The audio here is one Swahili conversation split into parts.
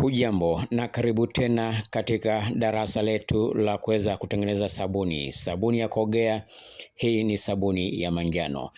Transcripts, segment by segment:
Hujambo na karibu tena katika darasa letu la kuweza kutengeneza sabuni, sabuni ya kuogea. Hii ni sabuni ya manjano.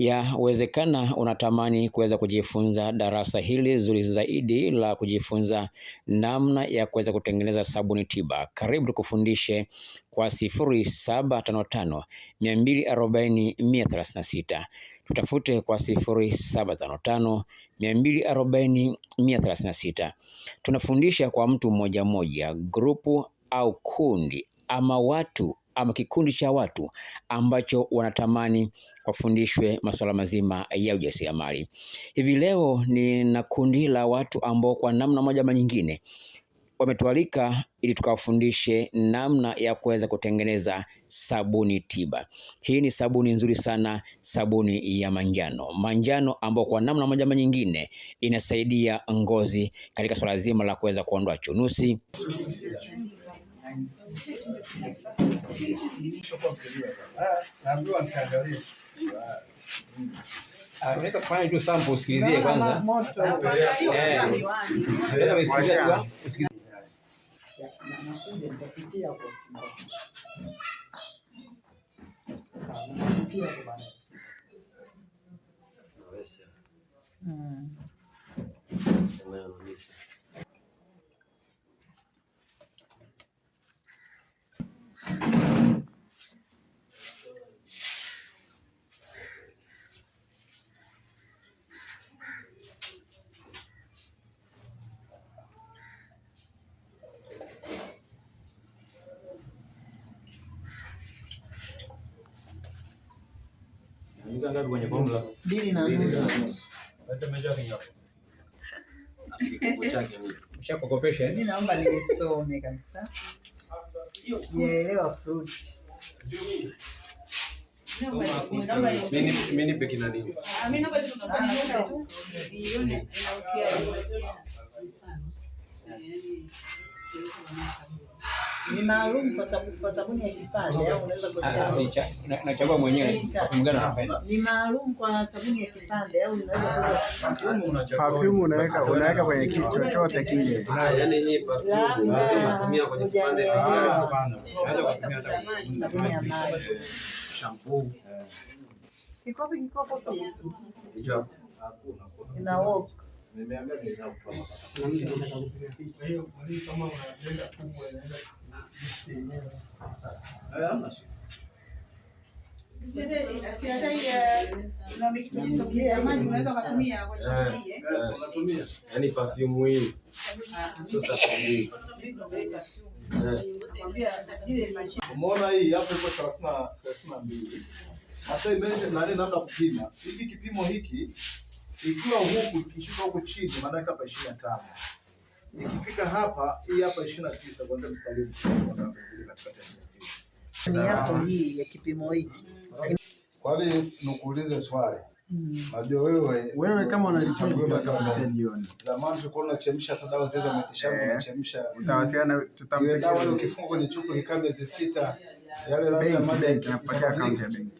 Yawezekana unatamani kuweza kujifunza darasa hili zuri zaidi la kujifunza namna ya kuweza kutengeneza sabuni tiba. Karibu tukufundishe kwa 0755 240 136. Tutafute kwa 0755 240 136. Tunafundisha kwa mtu mmoja mmoja, grupu au kundi ama watu ama kikundi cha watu ambacho wanatamani wafundishwe masuala mazima ya ujasiriamali. Hivi leo nina kundi la watu ambao kwa namna moja ama nyingine wametualika ili tukawafundishe namna ya kuweza kutengeneza sabuni tiba. Hii ni sabuni nzuri sana, sabuni ya manjano, manjano ambayo kwa namna moja ama nyingine inasaidia ngozi katika swala zima la kuweza kuondoa chunusi Unaweza kufanya tu sample usikilizie kwanza. Unaingia ngapi Mimi naomba nisome kabisa. Nielewa fruit. Mimi nipe kina nini? Mimi naomba tu tu. Ione inaokia. Yaani ni maalum kwa sabuni ya hifadhi ah, au unaweza kuchagua. Nachagua mwenyewe kulingana na ni maalum kwa sabuni ya hifadhi au unaweza kuchagua. Perfume unaweka unaweka kwenye kitu chochote kile. Ah, yaani hii perfume ah, unatumia kwenye kipande na unaweza kutumia hata shampoo. Kikopo kikopo. Hakuna. Sina woke. Yaani perfume hii umeona hii hapo iko thelathini na mbili. Sasa imesha nani namna kupima hiki kipimo hiki ikiwa huku ikishuka huku chini maanake hapa ishirini na tano ikifika hapa hii hapa ishirini na tisa kwanza mstari katikati yako hii ya kipimo hiki. Kwani nikuulize swali, mm. wewe wewe kama unalitaji jioni, zamani tulikuwa tunachemsha hata dawa zile za yeah. tunachemsha, utawasiliana tutampe dawa ile, ukifunga kwenye chupa ni kama miezi sita, yale lazima mabenki inapatia account ya benki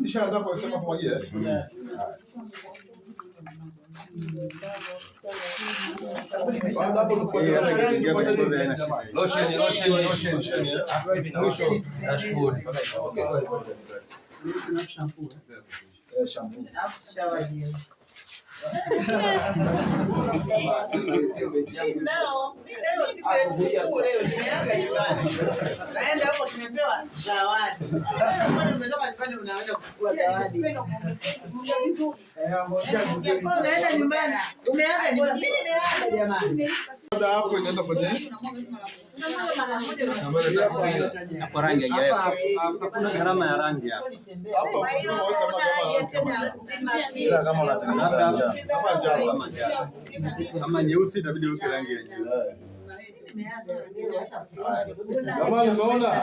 Nishaandaa kwa sema kumwagia. Shampoo. Naenda huko tumepewa zawadi. Unaenda nyumbani umeaga nyumbani, jamani baada hapo inaenda potea. Hapo rangi haijawekwa. Ah, hakuna gharama ya rangi hapo. Kama nyeusi itabidi uweke rangi ya nyeusi. Jamani, umeona?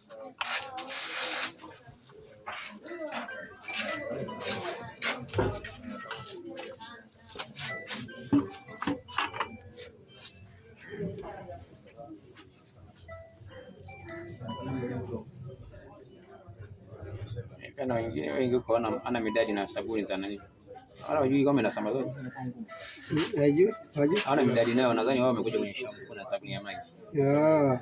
na wengine wengi huko ana midadi na sabuni za nani, wala wajui kama ina zote, hajui hajui, ana midadi nayo. Nadhani wao wamekuja kwenye shamba, kuna sabuni ya maji yeah.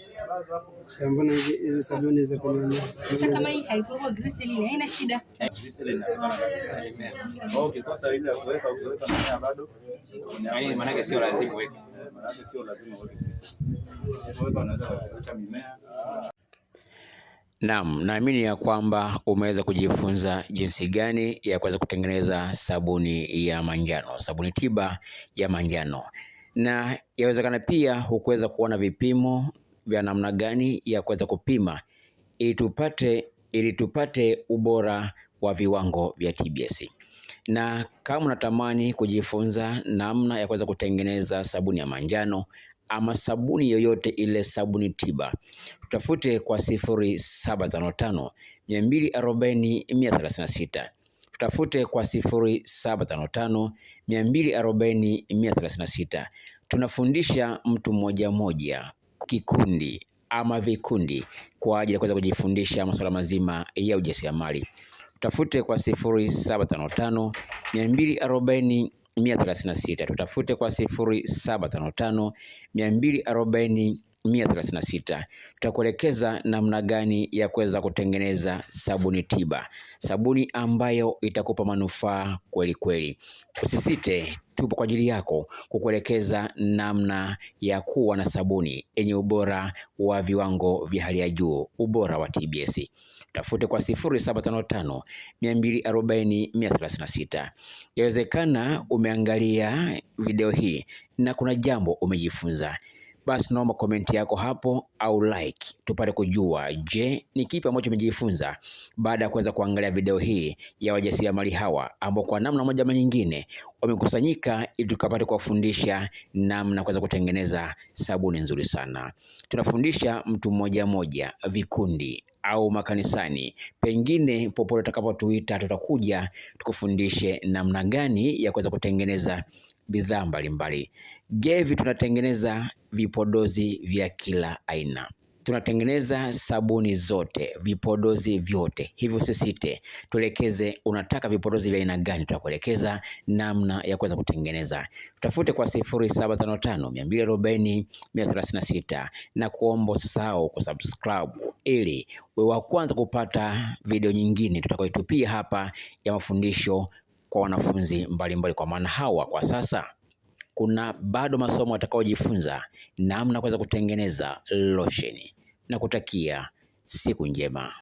Shambona hizi sabuni za kununua. Sasa kama hii haipo eh, grease ile haina shida. Grease ile inakuwa amen. Ukikosa ile ya kuweka ukiweka na bado. Yaani maana yake sio lazima uweke. Eh, maana yake sio lazima uweke grease. Usipoweka unaweza kukuta mimea. Naam, naamini ya kwamba umeweza kujifunza jinsi gani ya kuweza kutengeneza sabuni ya manjano, sabuni tiba ya manjano na yawezekana pia hukuweza kuona vipimo vya namna gani ya kuweza kupima ili tupate, ili tupate ubora wa viwango vya TBS. Na kama unatamani kujifunza namna ya kuweza kutengeneza sabuni ya manjano ama sabuni yoyote ile, sabuni tiba, tutafute kwa 0755 240 136 tutafute kwa 0755 240 136. Tunafundisha mtu mmoja mmoja kikundi ama vikundi kwa ajili ya kuweza kujifundisha masuala mazima ya ujasiriamali. Tutafute kwa 0755 240 136. Tutafute kwa 0755 240 136. Tutakuelekeza namna gani ya kuweza kutengeneza sabuni tiba, sabuni ambayo itakupa manufaa kweli kweli. Usisite tupo kwa ajili yako kukuelekeza namna ya kuwa na sabuni yenye ubora wa viwango vya hali ya juu, ubora wa TBS. Tafute kwa 0755 240 136. Yawezekana umeangalia video hii na kuna jambo umejifunza basi naomba komenti yako hapo au like, tupate kujua, je, ni kipi ambacho umejifunza baada ya kuweza kuangalia video hii ya wajasiriamali hawa ambao kwa namna moja ama nyingine wamekusanyika ili tukapate kuwafundisha namna kuweza kutengeneza sabuni nzuri sana. Tunafundisha mtu mmoja mmoja, vikundi au makanisani, pengine popote utakapotuita, tutakuja tukufundishe namna gani ya kuweza kutengeneza bidhaa mbalimbali. Gevi tunatengeneza vipodozi vya kila aina tunatengeneza sabuni zote, vipodozi vyote. Hivyo sisite tuelekeze unataka vipodozi vya aina gani, tutakuelekeza namna ya kuweza kutengeneza. Tutafute kwa 0755 240 136 na kuomba sao kusubscribe ili wa kwanza kupata video nyingine tutakayotupia hapa ya mafundisho kwa wanafunzi mbalimbali, kwa maana hawa kwa sasa kuna bado masomo atakayojifunza namna kuweza kutengeneza losheni na kutakia siku njema.